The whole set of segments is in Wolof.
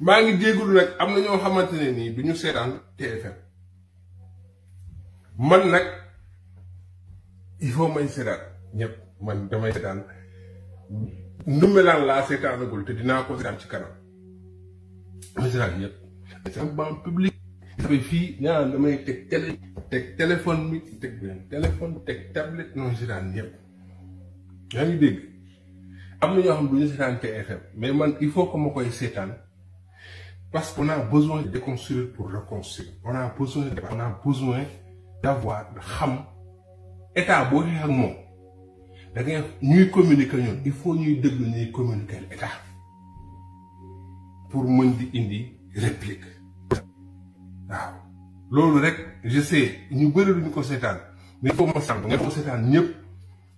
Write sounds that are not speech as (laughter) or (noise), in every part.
maa ngi jégalu nag am na ñoo xamante ne nii du ñu seetaan TFM man nag il faut may seetaan ñëpp man damay seetaan ndumbelaan laa seetaanagul te dinaa ko seetaan ci kanam damay seetaan ñëpp. seetaan ban public. ngi dégg am na ñoo xam ne seetaan TFM mais man il faut que ma koy seetaan. Parce qu'on a besoin de déconstruire pour reconstruire. On a besoin, de, on a besoin d'avoir, de ham, et à da ñuy communiquer ñoom il faut ñuy déglu ñuy communiquer état pour mën di indi réplique. waaw loolu rek je sais ñu bëri ñu ko seetaan mais il faut ma sant nga ko seetaan ñëpp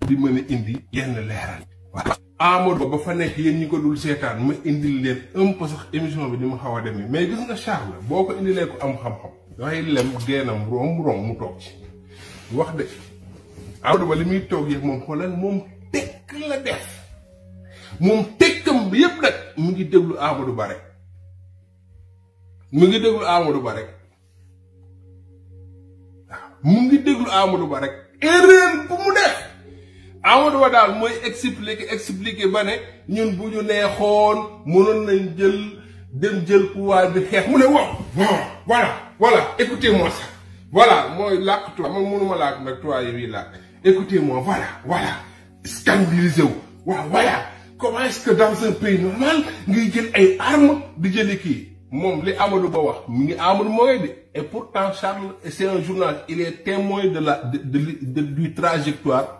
di mën indi yenn leeral. waaw Amadou ba fa nekk yéen ñi ko dul seetaan ma indi leen un sax émission bi ni mu xaw a demee mais gis nga Charles boo ko indilee ko am xam-xam dafay lem geenam rom rom mu toog ci wax de Amadou ba li muy toog yëpp moom xoolal moom tekk la def moom tekkam bi yëpp mu ngi déglu Amadou Ba rek mu ngi déglu Amadou Ba rek waaw mu Ba rek bu mu def Amadou Ba daal moi expliquer expliquer ba nous ñun bu ñu neexoon mënoon nañ jël dem jël pouvoir bi xeex mu ne voilà voilà écoutez-moi ça voilà mooy làkk tubaab man mënuma làkk toi il yi là, écoutez-moi voilà voilà scandalisé wu voilà comment est-ce que dans un pays normal ngay jël ay armes di jëli kii moom li Amadou Ba wax mu ngi Amadou et pourtant Charles c'est un journal il est témoin de la de de du trajectoire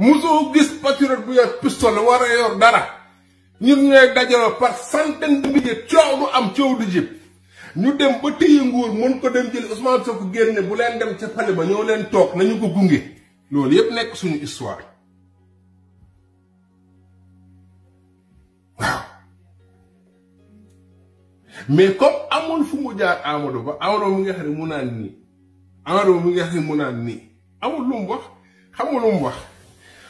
musoo gis patriote bu yor pistolet war a yor dara ñu ñooy dajaloo par centaine de milliers coow du am coow du jib ñu dem ba téye nguur mën ko dem jël Ousmane Sonko génne bu leen dem ca pale ba ñoo leen toog nañu ko gunge loolu yépp nekk suñu histoire waaw mais comme amul fu mu jaar Amadou Ba Amadou mi nga xam ne mu naan nii nga mu naan nii amul lu mu wax xamul mu wax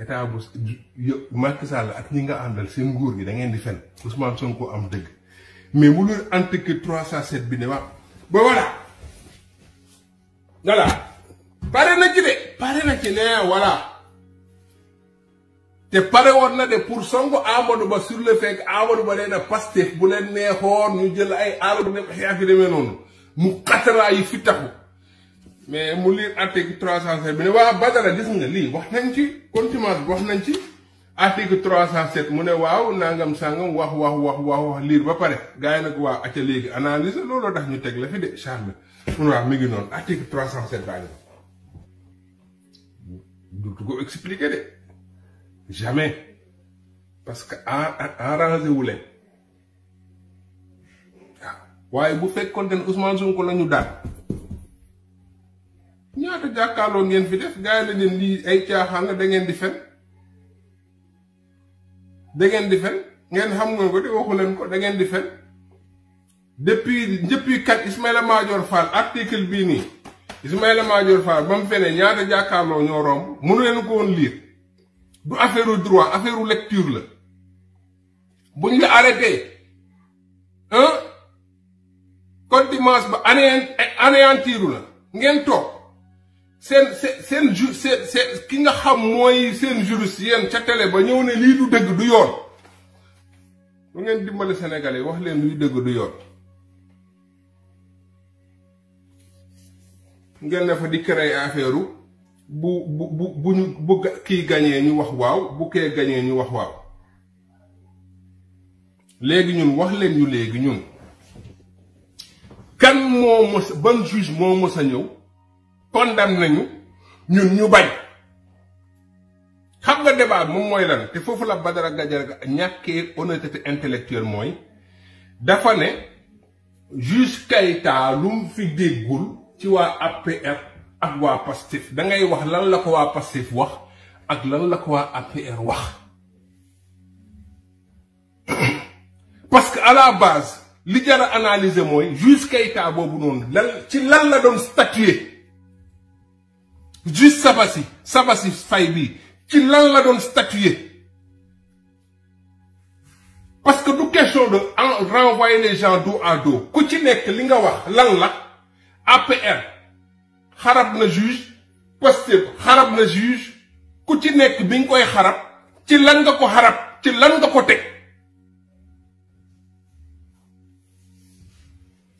état bu Macky Sall ak ñi nga àndal seen nguur gi da ngeen di fen Ousmane Sonko am dëgg mais mu leen antique 307 bi ne wax ba voilà voilà pare na ci de pare na ci ne voilà te pare woon na de pour Sonko Amadou Ba sur le fait que Amadou Ba nee na Pastef bu leen neexoon ñu jël ay Amadou nekk xeex yi demee mu xataraa yi fi taxu mais mu lire article 307 cent sept bi ne waa Badara gis nga li wax nañ ci continuance wax nañ ci article 307 cent sept mu ne waaw nangam sangam wax wax wax wax wax lire ba pare gars nak wa waa acca léegi analyse lolo tax ñu teg la fi de charme mun waa mi ngi non article 307 cent sept baa ko expliquer de jamais parce que arrangé wu leen waaw waaye bu fekkoon den Ousmane Sonko lañu ñu daal ñaata jàkkaarloo ngeen fi def gaay la leen lii ay caaxaan la da ngeen di fen da ngeen di fen ngeen xam nga ko di waxu leen ko da ngeen di fen depuis njëppi kat Ismaïla major Fall article bii nii Ismaïla major Fall ba mu fenee ñaata jàkkaarloo ñoo romb mënu leen ko woon lire du affaire droit affaire lecture la buñ la arrêté hein code dimanche ba anéantiru la ngeen toog. seen seen ju seen seen ki nga xam mooy seen juriste yéen ca télé ba ñëw ne lii du dëgg du yoon lu ngeen dimbali Sénégalais wax leen luy dëgg du yoon ngeen ne di créer affaire bu bu bu bu ñu bu kii gañee ñu wax waaw bu kee gañee ñu wax waaw léegi ñun wax leen ñu léegi ñun kan moo mës ban juge moo mës a ñëw condamné nañu ñun ñu bañ xam nga débat moom mooy lan te foofu la Badara Gadiaga ñàkkee honnêteté intellectuelle mooy dafa ne juge Keïta lu fi déggul ci waa APR ak waa PASTEF da ngay wax lan la ko waa PASTEF wax ak lan la ko waa APR wax (coughs) parce que à la base li jar a analyser mooy juge Keïta boobu noonu lan ci lan la doon statuer Juste Sabasi, Sabasi Faye qui lan la doon statuer parce que nous question de renvoyer les gens dos à dos ku ci nekk li nga wax lan la APR xarab juge Pastef xarab juge ku ci nekk bi nga koy xarab ci lan nga ko xarab ci lan nga ko teg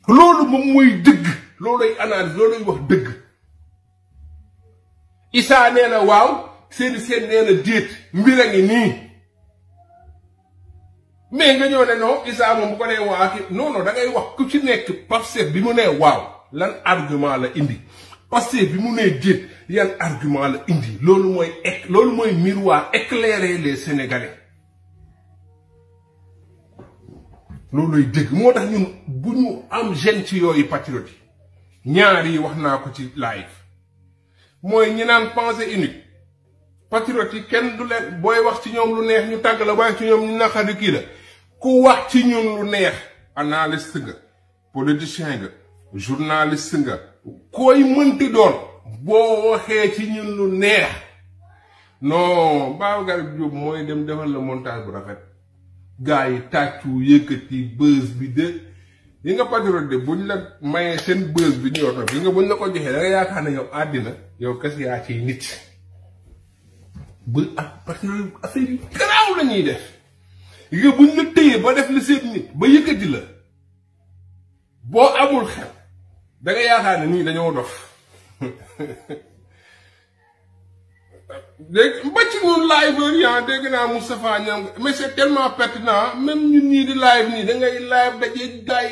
dig moom mooy dëgg looluy analyse wax Issa nee na waaw Seydou Sène nee na déet mbir a ngi nii mais nga ñëw ne non Isa moom bu ko dee waa ki non non da ngay wax ku ci nekk Pastef bi mu nee waaw lan argument la indi Pastef bi mu nee déet yan argument la indi loolu mooy ek loolu mooy miroir éclairer les Sénégalais looluy dégg moo tax ñun bu ñu am gêne ci yooyu patriote ñaar yi wax naa ko ci live mooy ñi naan pensée unique patriote yi kenn du leen booy wax ci ñoom lu neex ñu tàgg la waaye ci ñoom ñu naqari kii la ku wax ci ñun lu neex analyste nga politicien nga journaliste nga koy mënti doon boo waxee ci ñun lu neex non Babacar Diop mooy dem defal la montage bu rafet gars yi tàccu yëkkati bës bi de li nga patriote de buñ la mayee seen bës bi ñu yor nag li nga buñ la ko joxee da nga yaakaar yow àddina yow kese yaa ciy nit bul ak patriote yu garaaw la def li nga buñ la def la seen nit ba yëkkati la boo amul xel da nga nii dañoo dof dégg mbàcc noonu live heure ah, dégg naa Moustapha Niang mais c'est tellement pertinent ah, même nii di live nii da live daje gaay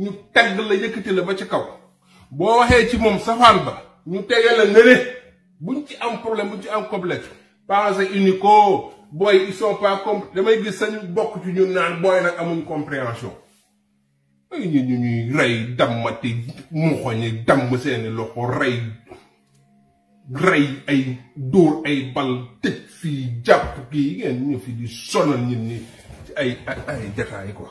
ñu tagg la yëkkati la ba ci kaw boo waxee ci moom safaan ba ñu tege la nële buñ ci am problème buñ ci am complexe pensée unico booy ils sont pas comp damay gis sañu bokk ci ñu naan booy nag amuñ compréhension ay ñu ñu ñuy rey dammati muxoñi damm seeni loxo rey rey ay dóor ay bal tëj fii jàpp kii ngeen ñu fi di sonal ñi ci ay ay jataay quoi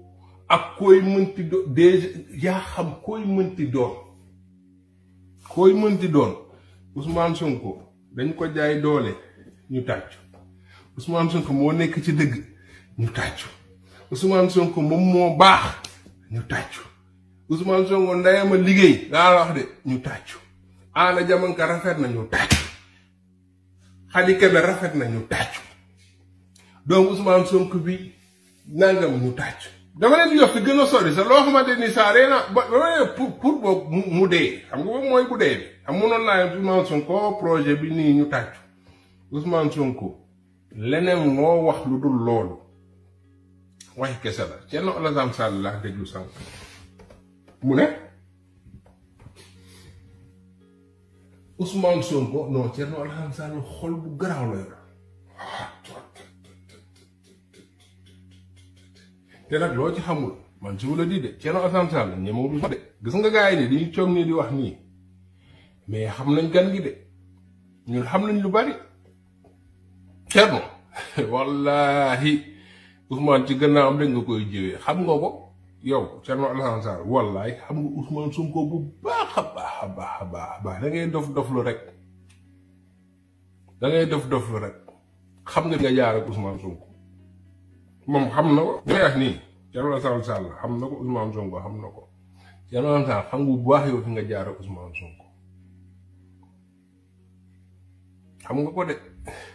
ak koy mënti doon déjà koy mënti doon koy mënti doon Ousmane Sonko dañ ko jaay ñu tàccu Ousmane moo nekk ci dëgg ñu Sonko moom moo baax ñu Sonko ndeyama liggéey laa wax de rafet na rafet na ñu tàccu donc bi nangam ñu tàccu dama leen di jox gën a sori sa loo xamante ni sa ree na ba pour pour boobu mu dee xam nga mooy bu dee bi am mënoon naa ne Ousmane Sonko projet bi nii ñu tàccu Ousmane Sonko leneen moo wax lu dul loolu kese la Thierno Alassane Sall laa déglu xol bu garaaw la yor te nag loo ci xamul man je vous le dis de Thierno Alassane Sall ñemewul ma de gis nga gars yi de dañuy coog nii di wax nii mais xam nañ gan gi de ñun xam nañ lu bari Thierno (laughs) wallaahi Ousmane ci gannaaw am rek nga koy jëwee xam nga ko yow Thierno Alassane Sall wallaahi xam nga Ousmane Sonko bu baax a baax a baax a baax a baax da ngay dof dof lu rek da ngay dof dof lu rek xam nga nga jaar ak Ousmane Sonko. moom xam na ko li may wax nii Thierno Alassane Sall xam na ko Ousmane Sonko xam na ko Thierno xam nga bu baax yow fi nga Sonko xam nga ko de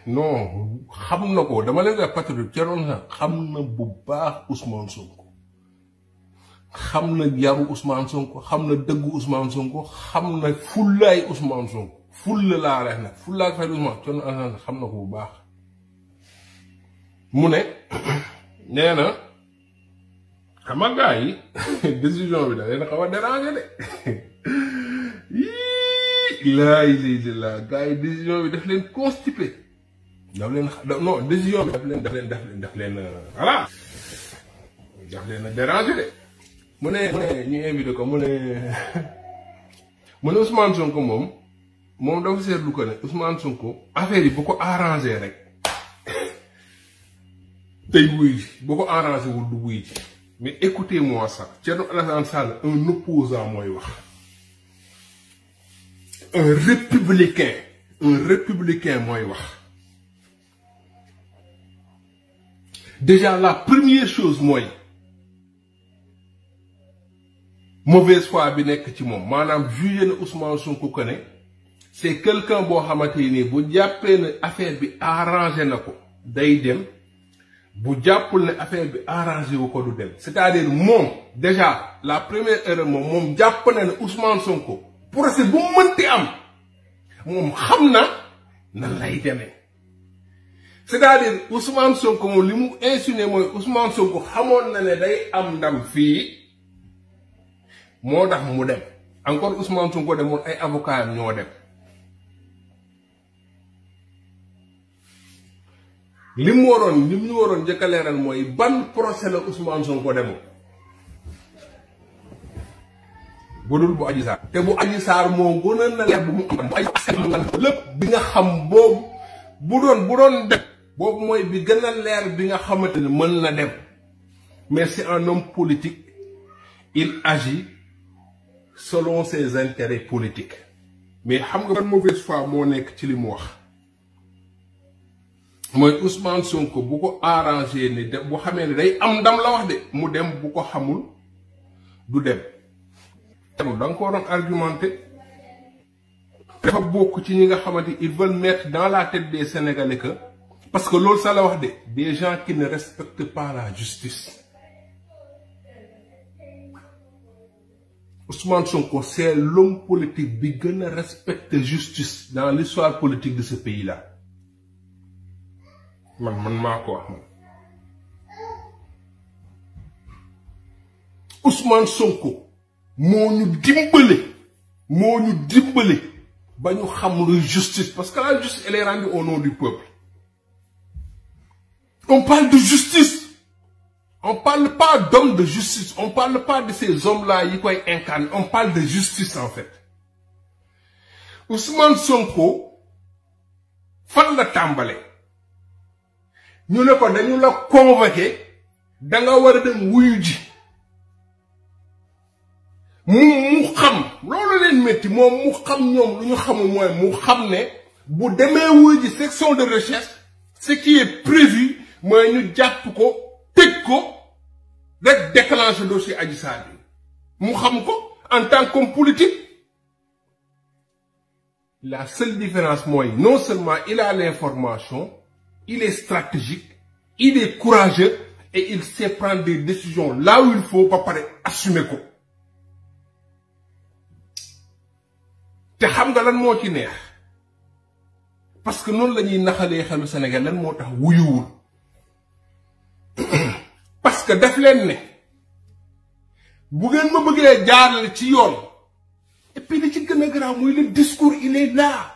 non xam na ko dama leen wax patriote Thierno Alassane xam na bu baax Ousmane Sonko xam na yaru Ousmane Sonko xam na dëggu Ousmane Sonko xam na fullaay Ousmane Sonko fulla laa reex nag fullaay fay Ousmane Thierno Alassane Sall xam na ko bu baax mu ne nee na xam nga gars yi (laughs) décision bi da leen xaw a déranger de (laughs) yii laay lii di laa gars yi décision bi daf leen constipé daf leen non décision bi daf leen daf leen daf leen daf leen euh, voilà leen a déranger de mu ne mu ne ñu invité ko mu ne (laughs) mu ne Ousmane Sonko moom moom dafa seetlu ko ne Ousmane Sonko affaire yi bu ko arrangé rek. tey wuy beaucoup arrangé wul du wuy mais écoutez-moi ça dans la salle un opposant mooy wax un républicain un républicain mooy wax déjà la première chose mooy mauvaise foi bi nekk ci moom maanaam jugé na Ousmane Sonko ko c'est quelqu'un bon à ni bu jàppee ne affaire bi arrangé na ko day dem bu jàppul affaire bi arrangé wu ko dem c'est-à-dire mon déjà la première erreur mon mon jàpp Ousmane Sonko procès bu mënti am mon hamna na nan lay c'est-à-dire Ousmane Sonko limou li mu mon Ousmane Sonko hamon na ne day am ndam fii moo tax dem encore Ousmane Sonko demul ay avocats ñoo dem. lim mu lim li mu ñu waroon njëkk a leeral ban procès la Ousmane Sonko demo bu dul bu aji sar te bu aji sar mo gënoon na leer bu mu am ay bu lepp bi nga xam bob bu doon bu doon def bob moy bi gën a bi nga xamante ne mën na dem mais c'est un homme politique il agit selon ses intérêts politiques mais xam nga ban mauvaise foi moo nekk ci li mu wax moy Ousmane Sonko bu ko arrangé ni de bu xamé ne day am ndam la wax de mu dem bu ko xamul du dem da nga ko waroon argumenter dafa bok ci ñi nga ils veulent mettre dans la tête des Sénégalais que parce que lool sa la wax de des gens qui ne respectent pas la justice Ousmane Sonko c'est l'homme politique bi gën respecte justice dans l'histoire politique de ce pays là man man mako Ousmane Sonko moo ñu dimbale moo ñu xam justice parce que la justice elle est rendue au nom du peuple on parle de justice on parle pas d'hommes de justice on parle pas de ces hommes là yi koy incarnés, on parle de justice en fait Ousmane Sonko fan la ñu ne ko dañu la convoqué da nga war dem wuyu mu xam mu xam lu ne bu demee wuyu section de recherche ce qui est prévu mooy ñu jàpp ko tëj ko rek déclenché dossier nous, nous, bi mu xam ko en tant qu'homme politique la seule différence mooy non seulement il a l'information il est stratégique, il est courageux et il sait prendre des décisions là où il faut pas parler, assumer quoi. te xam nga lan parce que noonu la Sénégal lan sommes (clears throat) parce que leen ne bu ngeen ma et puis le discours il est là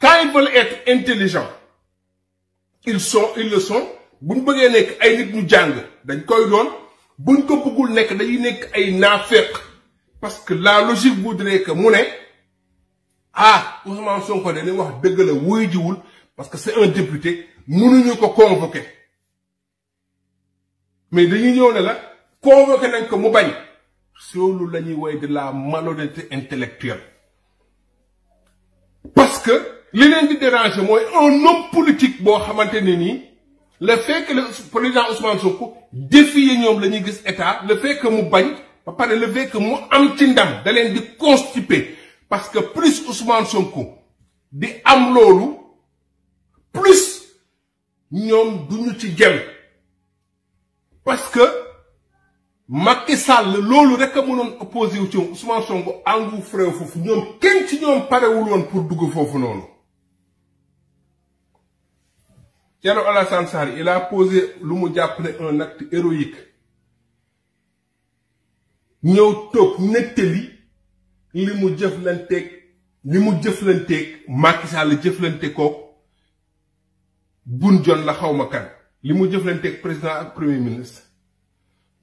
quand ils veulent être intelligents ils sont ils le sont bu ñu bëggee nekk ay nit ñu jàng dañ koy doon bu ko bëggul nek, dañuy nek ay naaféq parce que la logique voudrait que mu ne ah Ousmane Sonko dañuy wax dëgg la wuy parce que c'est un député mënuñu ko convoquer mais dañuy ñëw ne la convoquer nañ ko mu bañ loolu la woy de la malhonnêteté intellectuelle parce que li leen di déranger un homme politique boo xamante ne le fait que le président Ousmane Sonko défie ñoom la ñuy état le fait que mu bañ ba pare le fait que mu am ci ndam da di parce que plus Ousmane Sonko di am loolu plus ñoom duñu ci parce que Macky Sall lolo, rek a mënoon opposé Ousmane Sonko angu frère, foofu ñoom kenn ci ñoom parewul woon pour dugg foofu noonu Thierno Alassane Sarr il a posé lu mu jàpp un acte héroïque ñëw toog nettali li mu jëflanteeg ni mu jëflanteeg Macky Sall jëflante kook bun jon la xawma kan li mu jëflanteeg président ak premier ministre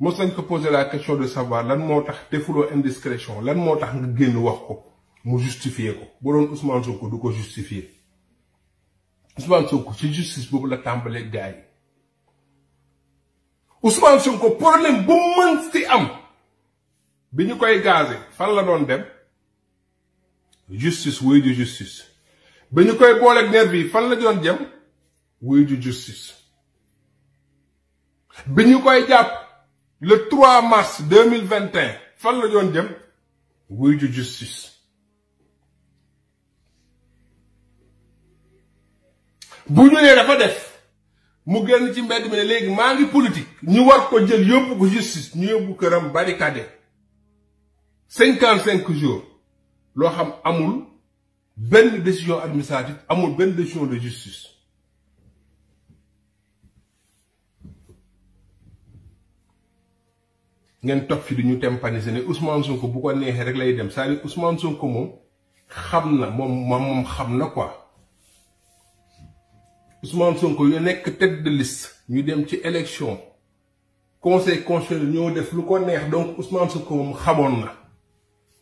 mo nañ ko poser la question de savoir lan moo tax defuloo indiscrétion lan moo tax nga génn wax ko mu justifier ko bu don Ousmane Sonko du ko justifier Ousmane Sonko ci justice boobu la tàmbalee gars yi Ousmane Sonko problème bu mën si am bi ñu koy gazé fan la doon dem justice wuy de justice bi ñu koy booleeg nervi yi fan la doon jëm wuy ju justice bi ñu koy jàpp le 3 mars 2021 fan la doon jëm wuy de justice bu ñu nee dafa def mu génn ci mbedd mi ne léegi maa ngi politique ñu war ko jël yóbbu ko justice ñu yóbbu këram barricade cinquante cinq jours loo xam amul benn décision administrative amul benn décision de justice ngeen toog fi di ñu tempaniser ne Ousmane Sonko bu ko neexee rek lay dem c'est-à-dire Ousmane Sonko moom xam na moom moom xam na quoi Ousmane Sonko yu nekk tête de ñu dem ci élection conseil constitutionnel ñoo def lu ko neex donc Ousmane Sonko mu xamoon na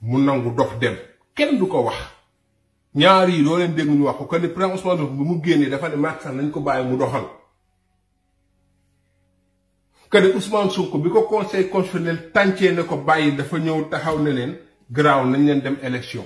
mu nangu dox dem kenn du ko wax ñaari yi doo leen dégg ñu wax ko que ni président Ousmane Sonko bu dafa ne Macky nañ ko bàyyi mu doxal que ni Ousmane bi ko conseil constitutionnel tàncee ne ko bàyyi dafa ñëw taxaw ne leen garaaw nañ leen dem élection.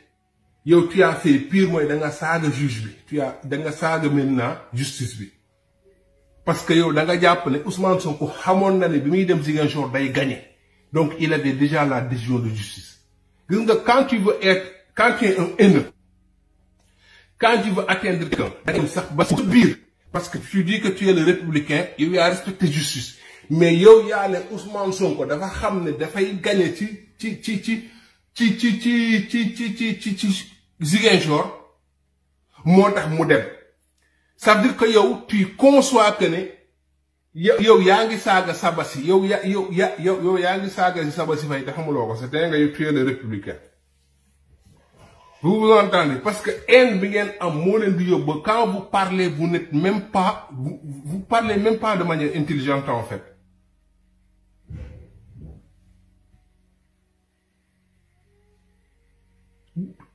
Yo, tu as fait pire moi dans nga saaga juge tu as dans nga saaga maintenant justice parce que yo da nga jàpp ne Ousmane Sonko xamoon na ne bi mi dem Ziguinchor day gagner. donc il avait déjà la décision de justice Donc, quand tu veux être quand tu es un haineux quand tu veux atteindre quelqu'un ça va sax parce que tu dis que tu es le républicain va respecter la justice mais yow yaa ne Ousmane Sonko dafa xam ne dafay gagné tu, tu, ci ci ça veut dire que tu conçois que le républicain vous vous entendez parce que quand vous parlez vous n'êtes même pas vous parlez même pas de manière intelligente en fait.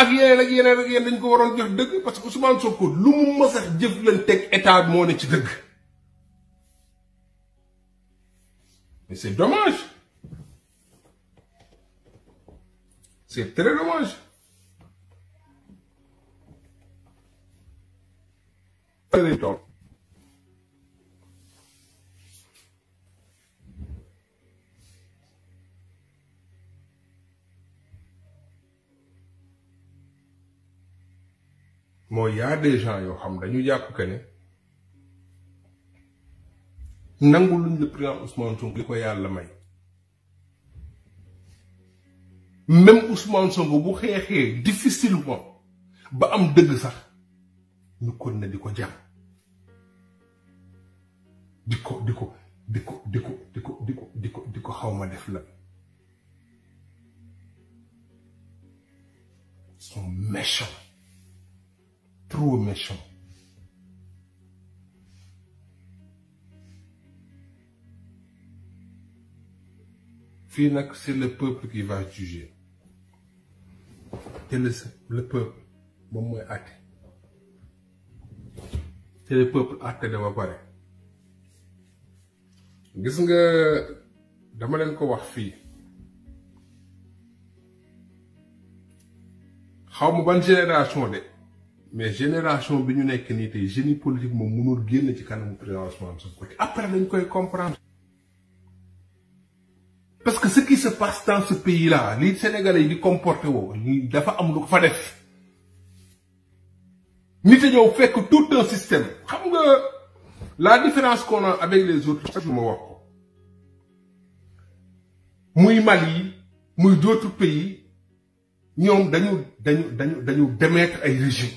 ak yeneen ak yeneen ak yeneen dañ ko waroon jox dëgg parce que Ousmane ko lu mu mës a jëflanteeg état bi moo ne ci dëgg mais c'est dommage c'est très dommage. lay toog Il y a des gens qui xam dañu que ne le président Ousmane Sonko diko yalla may même Ousmane Sonko bu difficilement ba am deug sax ñu ne sont méchants Trop méchant méchants. c'est le peuple qui va juger C'est le peuple bon moi àtte C'est le peuple àtte na ma pare que nga dama dire ko wax ne sais pas ban génération de mais génération bi ñu nekk nii tey génie politique mo mënul génn ci kanam président Ousmane Sonko après lañ koy comprendre parce que ce qui se passe dans ce pays là li Sénégalais yi di comporté woo dafa am lu fa def ni a ñeu fekk tout un système xam nga la différence qu'on a avec les autres je jour ma wax ko muy Mali muy d'autres pays ñom dañu dañu dañu dañu démettre ay régime